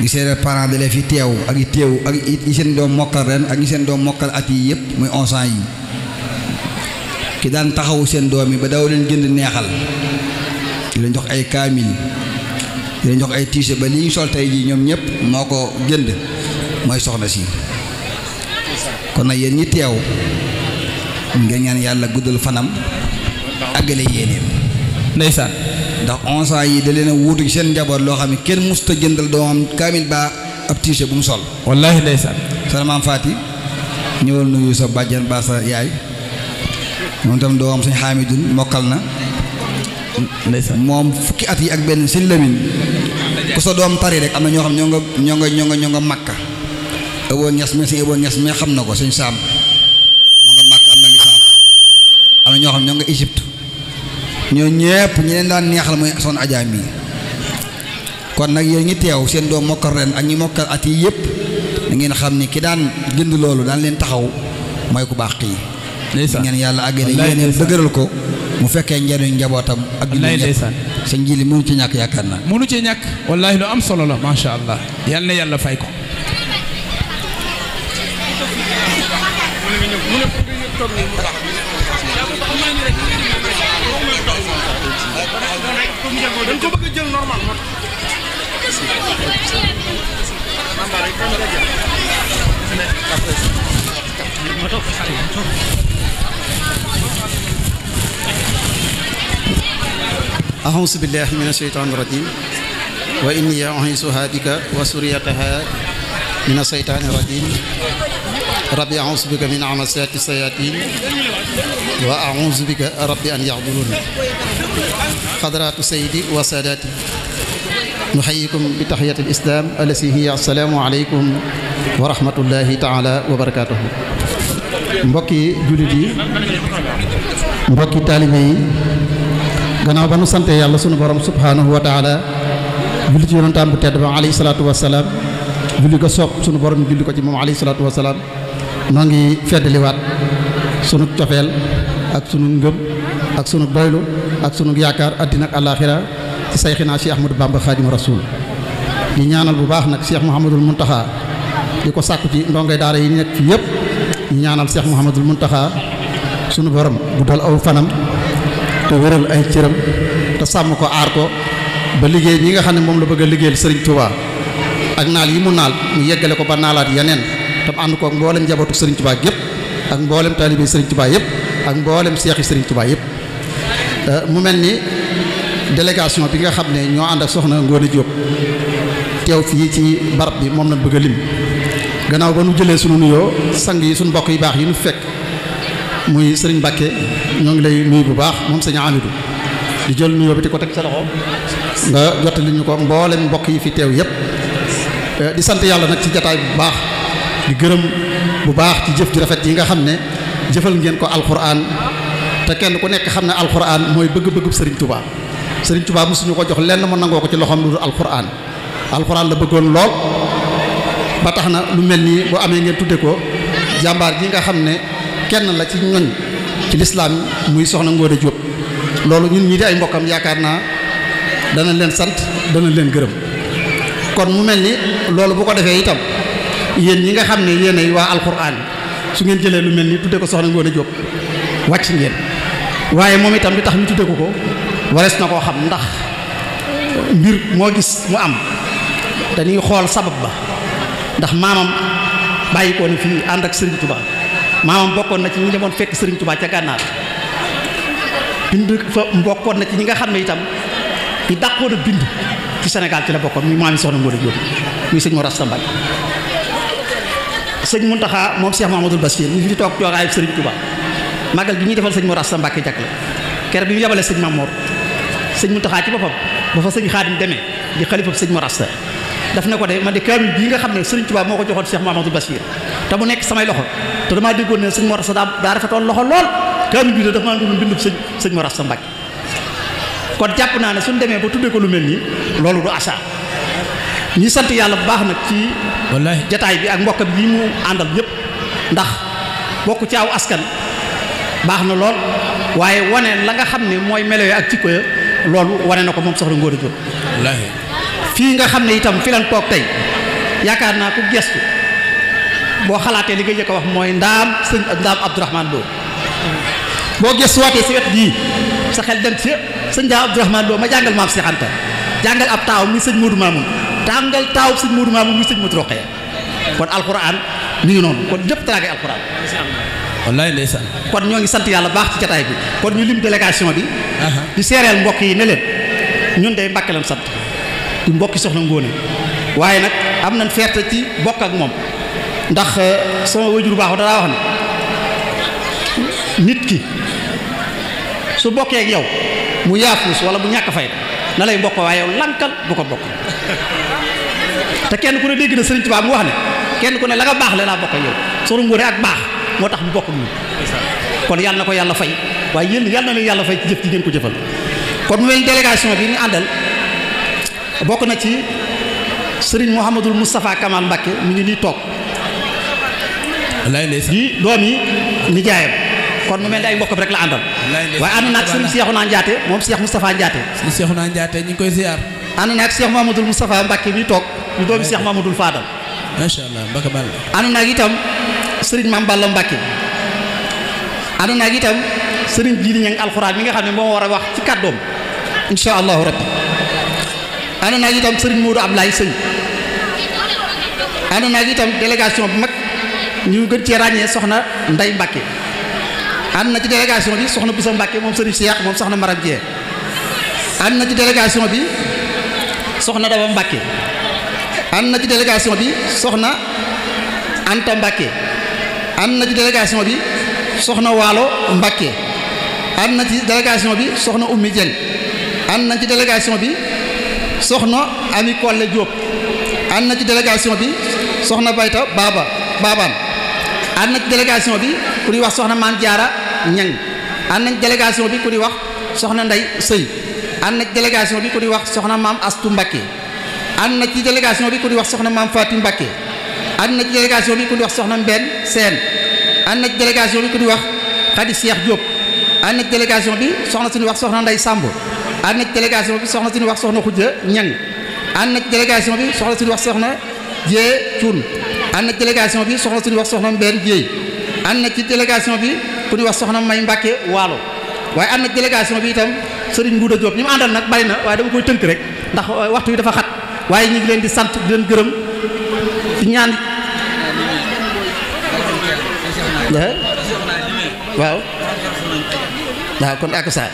di seen parents d'élèves fi teew ak yi teew ak yi seen doom mokkal ren ak yi seen doom mokkal at yi yëpp muy onsan yi ki daan taxaw sen doom yi ba daw leen gënd neexal di leen jox ay kamil di leen jox ay tissé ba li sol tay ji ñom ñépp moko gënd moy soxna si kon na yeen ñi teew ngeen ñaan yalla guddul fanam agalé yeenem ndeysaan ndax onze ans yi da leen a wuutu ci seen njaboot loo xam ne kenn musta jëndal doomam kaamil baa ab tiise bu mu sol wallaahi ndeysaan sa maam Faati ñëwal nuyu sa bàjjan baa sa yaay moom tam doomam suñ xaamidun mokkal na moom fukki at yi ak benn sëñ Lamin ku sa doom tari rek am na ñoo xam ñoo nga ñoo nga ñoo nga ñoo nga màkka ëboo ñes mi sëñ ëboo ñes mi xam na ko sëñ saam moo nga màkk am na licence am na ñoo xam ñoo nga Égypte ñoo ñëpp ñi leen daan neexal mooy son ajaam yi kon nag yéen ñi teew seen doom mokkal ren ak ñi mokkal at yi yëpp da ngeen xam ni ki daan gënd loolu daan leen taxaw mooy ku baax kii ngeen yàlla àggale yéeneen dëgëral ko mu fekkee njariñ njabootam ak jullit sa njili mënu ci ñàkk yaakaar naa mënu ci la macha na yàlla fay ko mu ne mu ne toog nii mu dañ ko bëgg jël normal mo Mambar itu mereka jam. Kapres. Kapres. Mau tuh kesal ya tuh. أعوذ بالله من الشيطان الرجيم وإني أعيذها بك وسريتها من الشيطان الرجيم ربي أعوذ بك من عمسات الشياطين وأعوذ بك ربي أن يعبدون حضرات سيدي وساداتي نحييكم بتحية الإسلام التي هي السلام عليكم ورحمة الله تعالى وبركاته mbokki jullit yi mbokki taalibe yi gannaaw ba nu sante yàlla sunu borom subhaanahu wa taala julli ci yonantaam bu tedd ba alayhi salaatu wasalaam julli ko soob sunu borom julli ko ci moom alayhi salaatu wasalaam noo ngi feddaliwaat sunu cofeel ak sunu ngëm ak sunu doylu ak sunu yaakaar àddina ak àllaaxira ci sayxinaa Cheikh Ahmadou Bamba Xaadimu Rasuul di ñaanal bu baax nag Cheikh Mouhamadul Muntaxa di ko sàkku ci ndongo daara yi nekk fi yëpp di ñaanal Cheikh Mouhamadul Muntaxa sunu borom bu dal aw fanam te wéral ay cëram te sàmm ko aar ko ba liggéey ñi nga xam ne moom la bëgg a liggéeyal Serigne tubaa ak naal yi mu naal mu yeggale ko ba naalaat yeneen tam ànd koog mboolem njabootu Serigne Touba gépp ak mboolem taalibe Serigne Touba yëpp ak mboolem seexi Serigne Touba yëpp. Euh, mu melni délégation bi nga xamné ño and ak soxna Ngoné djop tew fi ci barab bi mom lañ bëgg lim gannaaw ba nu jëlé sunu nuyo sang yi suñu bokk yu bax yi nu fekk muy serigne Mbàkke ñoo ngi lay nuyu bu baax mom serigne Amidou di jël nuyo bi ti ko tek sa loxo nga jottali ñu ko mbolem bokk yi fi tew yépp euh, di sant yalla nak ci jotaay bu baax di gëreum bu baax ci jëf ji rafet yi nga xamné jëfal ngeen ko alcorane te kenn ku nek xamna alquran moy mooy bëgg Serigne Touba Serigne Touba musu ñuko jox lenn mo nangoo ko ci loxam dul alquran alquran la bëggoon lool ba taxna lu melni bu amé ngeen tuddé ko jambar gi nga xam kenn la ci ñun ci l'islam muy soxna ngoré jop loolu ñun ñi di ay mbokkam yaakaar naa dana leen sant na leen gërëm kon mu melni ni loolu bu ko defee itam yeen ñi nga xam ne yéen ay waa alxuraan su ngeen jëlé lu melni tuddé ko soxna ngoré jop wacc ngeen waaye moom itam bi tax ñu tudde ko ko warees na koo xam ndax mbir moo gis mu am dañuy xool sabab ba ndax maamam bàyyi ko ne fii ànd ak Serigne Touba maamam bokkoon na ci ñi demoon fekk Serigne Touba ca gànnaar bind na ci ñi nga xam ne itam ñi dàqoon a bind ci Sénégal ci la bokkoon muy maam yi soxna Modou Diop muy sëñ Mor Asta Mbaye sëñ Muntaxa moom Cheikh Mahamadul Bachir ñu fi toog toogaayu Serigne Touba. màggal gi ñuy defal sëñ Mor Asta Mbàkke jak la kere bi mu yabalee sëñ Mamoor sëñ Muntaxa ci boppam ba fa sëñ Xaadim demee di sëñ Mor Asta daf ne ko de man de kaamil bii nga xam ne sëriñ Tuubaa moo ko joxoon Cheikh Mahamadou Bachir te mu nekk samay loxo te damaa déggoon ne sëñ Mor Asta daa daa rafetoon loxo lool kaamil bii de dafa maa doon bindub sëñ sëñ Mor Asta Mbàkke kon jàpp naa ne suñ demee ba tuddee ko lu mel nii loolu du asa ñi sant yàlla bu baax nag ci wallaay jataay bi ak bi yi mu àndal ñëpp ndax bokk ci aw askan baax na lool waaye wane la nga xam ne mooy melo yi ak jikko ya loolu wane na ko moom soxna Ngoné Diop fii nga xam ne itam fi lan toog tey yaakaar naa ku gestu boo xalaatee li nga jëkk a wax mooy ndaam sëñ ndaam Abdourahmane Lo boo gestuwaatee si wet jii sa xel dem ci sëñ ndaam Abdourahmane Lo ma jàngal maam Cheikh Anta jàngal ab taaw mi sëñ Modou Mamoun tàngal taaw sëñ Modou Mamoun mi sëñ Modou Rokhaya kon alxuraan mi ngi noonu kon lépp taraagay wallaay ndeysaan kon ñoo ngi sant yàlla baax ci jataay bi kon ñu lim délégation bi di seereel mbokk yi ne leen ñun day Mbàkke lañ sant du mbokki soxna Ngóone waaye nag am nañ fierté ci bokk ak moom ndax euh, sama wajur baax danaa wax ne nit ki su bokkee ak yow mu yaafuus wala bu ñàkk fay na lay bokk waaye yow lankal bu ko bokk te kenn ku ne dégg na Sëriñ Tuubaa mu wax ne kenn ku ne la nga baax la laa bokk ak yow soxna Ngóone ak baax moo tax mu bokk ñun kon yàlla na ko yàlla fay waaye yéen yàlla na leen yàlla fay ci jëf ci ngeen ko jëfal kon mu mel délégation bi ñu àndal bokk na ci sëriñ Mouhamadul Moustapha Kamal Mbacke mu ngi nii toog ñu doom yi nijaayam kon mu mel ni ay mbokk rek la àndal waaye ànd naag sëriñ Cheikhouna Ndiaté moom Cheikh Moustapha Ndiaté sëriñ Cheikhouna Ndiaté ñu ngi koy ziar ànd naag Cheikh Mouhamadoul Moustapha mi toog di doomi Cheikh Mouhamadoul Fadal macha allah itam sering Mame Balla Mbacke ànd anu naa itam sëriñ Jiili Ñaŋ alxuraan mi nga xam ne moo war a wax ci kàddoom insha allahu rabbi anu ànd naa itam sëriñ Modou Ablaye Sëñ ànd anu naa itam délégation bu mag ñu gën cee ràññee soxna Ndey Mbacke ànd na ci délégation bi soxna Boussa Mbacke moom sëriñ Cheikh moom soxna Maram Dieng ànd na ci délégation bi soxna Daba Mbacke ànd ci délégation bi soxna Anta Mbacke ànd na ci délégation bi soxna Waalo Mbàkke ànd na ci délégation bi soxna Ummi Dieng ànd na ci délégation bi soxna Ami Kolle Diop ànd na ci délégation bi soxna Bayta Baba Baban ànd na ci délégation bi ku ñuy wax soxna Maam Jaara Ñang ànd na ci délégation bi ku ñuy wax soxna Ndey Sëy ànd na ci délégation bi ku ñuy wax soxna Maam Astu Mbàkke ànd na ci délégation bi ku ñuy wax soxna Maam Faati Mbàkke ànd na ci délégation bi ku di wax soxna Mbène Sène ànd na ci délégation bi ku di wax Khady Cheikh Diop ànd na ci délégation bi soxna suñu wax soxna Ndeye Samb ànd na ci délégation bi soxna suñu wax soxna Khoudia Niang ànd na ci délégation bi soxna suñu wax soxna Dieye Thioune ànd na ci bi soxna suñu wax soxna Mbène Dieye ànd na ci délégation bi ku di wax soxna May Mbacke Waalo waaye ànd na ci délégation bi itam Serigne Ngouda Diop ñu mu àndal nag bari na waaye dama koy tënk rek ndax euh, waxtu yi dafa xat waaye ñu ngi leen di sant di leen waaw nah. waaw nah, kon ak sa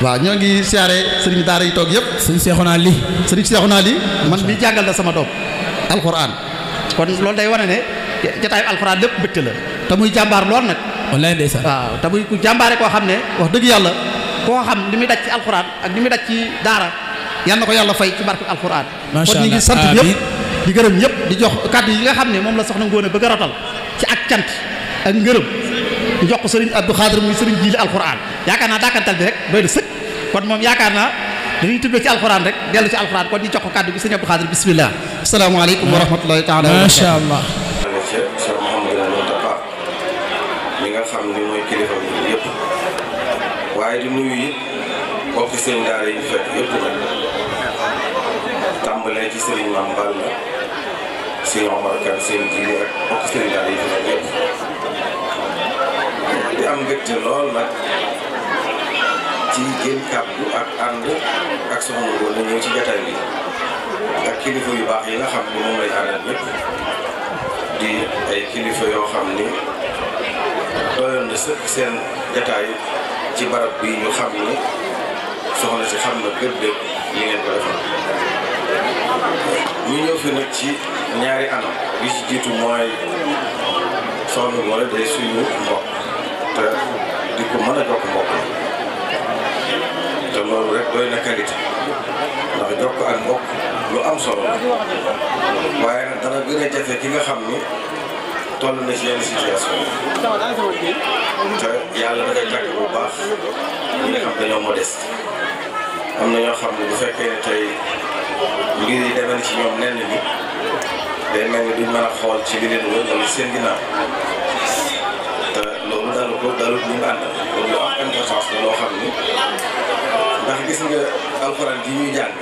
waaw ñoo ngi siyaare sëriñ daara yi toog yëpp sëriñ Seexuna li sëriñ Seexuna li man mi jàngal na sama doom alxuraan kon loolu day wane ne jataayu alxuraan lépp mbégte la te muy jàmbaar lool nag wallaay ndeysaan waaw te muy ku jàmbaare koo xam ne wax dëgg yàlla koo xam li muy daj ci alxuraan ak li muy daj ci daara yal na aku yàlla fay ci barke alxuraan kon ñu ngi sant ñëpp di gërëm ñëpp di jox kàddu yi nga xam ne la soxna Ngoone bëgg a ci ak cant ak ngeureum ñu jox ko sëriñ Abdou Khadir muy serigne jili alquran yaakaar naa dàkkantal bi rek doy na kon mom yakarna dañuy tuddé ci alquran rek delu ci alquran kon ñu jox ko kaddu gi sëriñ Abdou Khadir bismillah assalamu alaykum wa rahmatullahi taala ma sha allah. mi nga xam ni mooy kilifa bi yëpp waaye di nuyu it am mbégte lool nag ci jël kàddu ak ànd ak soxna Ngoné ñëw ci jataay bi ak kilifa yu baax yi nga xam ni moom lay àndal ñëpp di ay kilifa yoo xam ni doyoon na sëkk seen jataay ci barab bi ñu xam ni soxna si xam na gëddëg li ngeen ko defal ñëw fi nag ci ñaari anam bi ci jiitu mooy soxna Ngoné day suñu mbokk te di ko mën a jokk mbokk loolu rek doy na ak mbokk lu am solo la waaye dana gën a ki nga xam ni toll na ci yenn situation te yàlla dafay tàkk bu baax ñi nga xam dañoo modeste am na ñoo xam ne bu fekkee ne tey mbir yi demee ci ñoom nenn ni day mel ni mën a xool ci li leen wër wala seen ginnaaw ko dalut ñu mu àndal loolu am importance loo xam ni ndax gis nga alxuraan gi ñuy jàng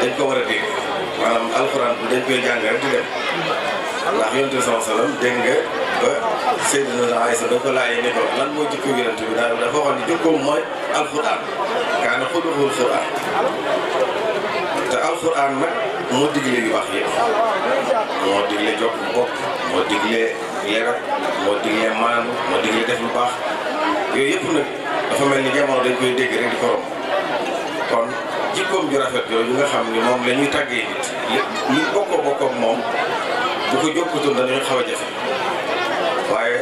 dañ ko war a dégg maanaam alxuraan bu dañ koy jàng rek di moo jikko yonent bi daal dafa waxoon ne jikkoom mooy alxuraan kaana xuluqul xuraan alxuraan nag moo digle yu baax yëpp moo digle jokk mbokk moo digle leeral moo digle maanu moo digle def lu baax yooyu yëpp nag dafa mel ni jamono dañ koy dégg rek di korom kon jikkoom ju rafet yooyu nga xam ni moom lañuy ñuy tàggee nit li bokkoo bokkook moom bu ko jokkutoon dañuy xaw a jafe waaye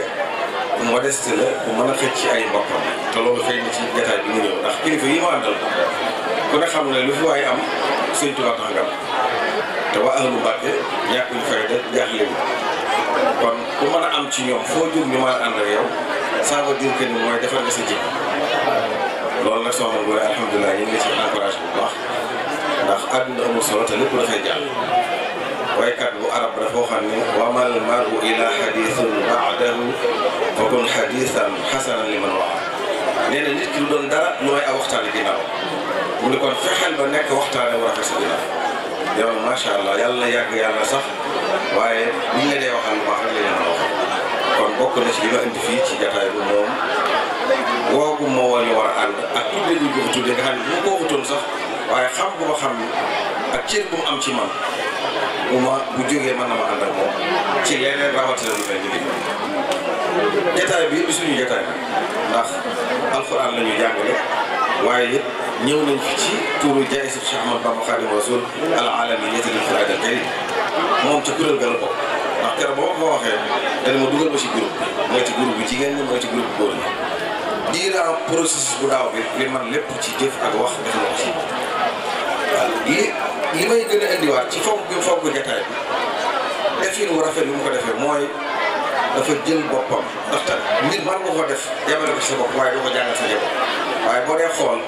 bu modeste la bu mën a xëcc ci ay mbokkam te loolu xëy na ci jataay bi mu ñëw ndax kilifa yi ma àndal ku ne xam ne lu fi waaye am Sëriñ Tuubaa tax nga am te waa ahlu Mbàkke ñàkkuñ fayda jaaxlewu kon ku mën a am ci ñoom foo jóg ñu mën a ànd ak yow ça veut dire que ni mooy defar na sa jikko loolu nag soxna Ngoye alhamdulilah ñu ngi ci encourage bu baax ndax àdduna amul solo te lépp dafay jàll waykat bu arab dafa waxoon ne wamal maru ila hadithun ba'dahu fa kun hadithan hasanan liman waxa nee lu doon dara nooy a waxtaane ginnaaw mu ne kon fexeel ba nekk waxtaane war a fekk sa ginnaaw yow macha allah yàlla yàgg yàlla sax la dee waxal lu baax la leen wax kon bokk na ci li ma fii ci jataay bu moom woogu moo woon ñu war a ànd ak tudde ñu ko tudde nga sax waaye xam boo xam ni ak cër bu mu am ci man bu ma bu jógee mën na ma ànd ak moom ci leneen rawatina lu fay jógee jataay bi du suñu jataay ndax alxuraan la ñu jàngale waaye ñëw nañ fi ci turu jaay si Cheikh Ahmad Bamba Rasuul al alamin ñetti li xuraaj moom ca kuréel ga la ndax keroog ba ma ko waxee dañ ma dugal ma ci groupe mooy ci groupe bu jigéen mooy ci groupe góor ñi diiraa processus bu daaw bi li man lépp ci jëf ak wax def na ko ci li li may gën a indiwaat ci fonk bi fonk jataay bi defin wu rafet bi mu ko defee mooy dafa jël boppam ndaxte nit man nga ko def yemale ko ci sa bopp waaye doo ko jàngal sa njaboot waaye boo dee xool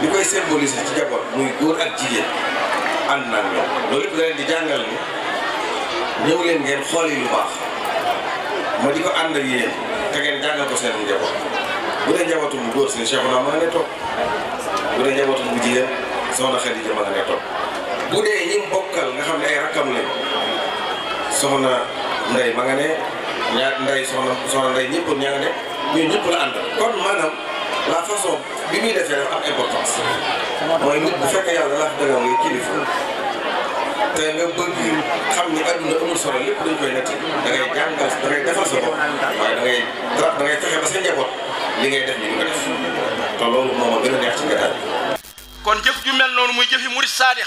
li koy symboliser ci njaboot muy góor ak jigéen ànd nañ ñoom loolu lépp da leen di jàngal ni ñëw leen ngeen xool yi lu baax ma di ko ànd ak yéen te ngeen jàngal ko seen njaboot bu dee njabootum bu góor si Cheikh Ouna ma nga ngay toog bu dee njabootum bu jigéen soxna Xadija ma nga ngay toog bu dee ñi bokkal nga xam ne ay rakkam lañ soxna Ndey ma nga ne ñaar Ndey soxna soxna Ndey ñëpp ña nga ne ñun bi muy defee am importance mooy nit bu fekkee yàlla la da ngay kilifa te nga bëgg xam ni adduna amul solo lépp dañ koy netti da ngay jàngal defal sa waaye da ngay da fexe ba sa njaboot ma gën kon jëf ju mel noonu muy jëfi murit saadix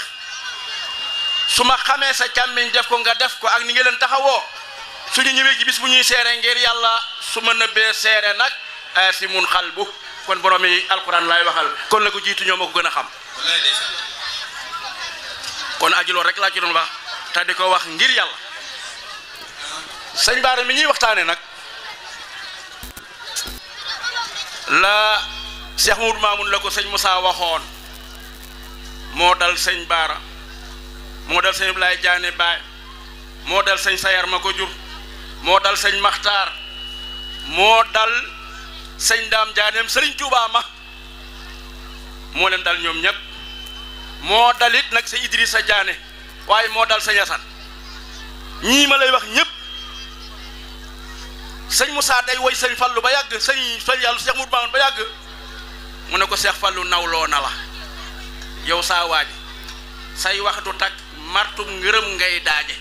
su ma xamee sa càmmiñ def ko nga def ko ak ni nga leen taxawoo suñu ñëwee ci bis bu ñuy seere ngir yàlla su ma nëbbee seere nag si mun xal bu kon borom yi alquran laay waxal kon la ko jiitu ñoo ma ko gën a xam kon aju loolu rek laa ci doon wax di ko wax ngir yàlla sëñ Baara mi ñuy waxtaane nag la Cheikh Mour Mamoun la ko sëñ Moussa waxoon moo dal sëñ Baara moo dal sëñ Ibrahima Diané Baye moo dal sëñ Sayar ma ko jur moo dal sëñ Maxtaar moo dal sëñ Daam Dianéem sëriñ Tuubaa ma moo leen dal ñoom ñëpp moo dalit nag sa Idrissa waaye moo dal sëñ Asan ñii ma lay wax ñëpp sëñ Moussa day woy sëñ Fallou ba yàgg sëñ sëñ yàlla Cheikh Mourou Mamoun ba yàgg mu ne ko Cheikh Fallou nawloo na la yow saa waaj say wax du takk martum ngërëm ngay daaje.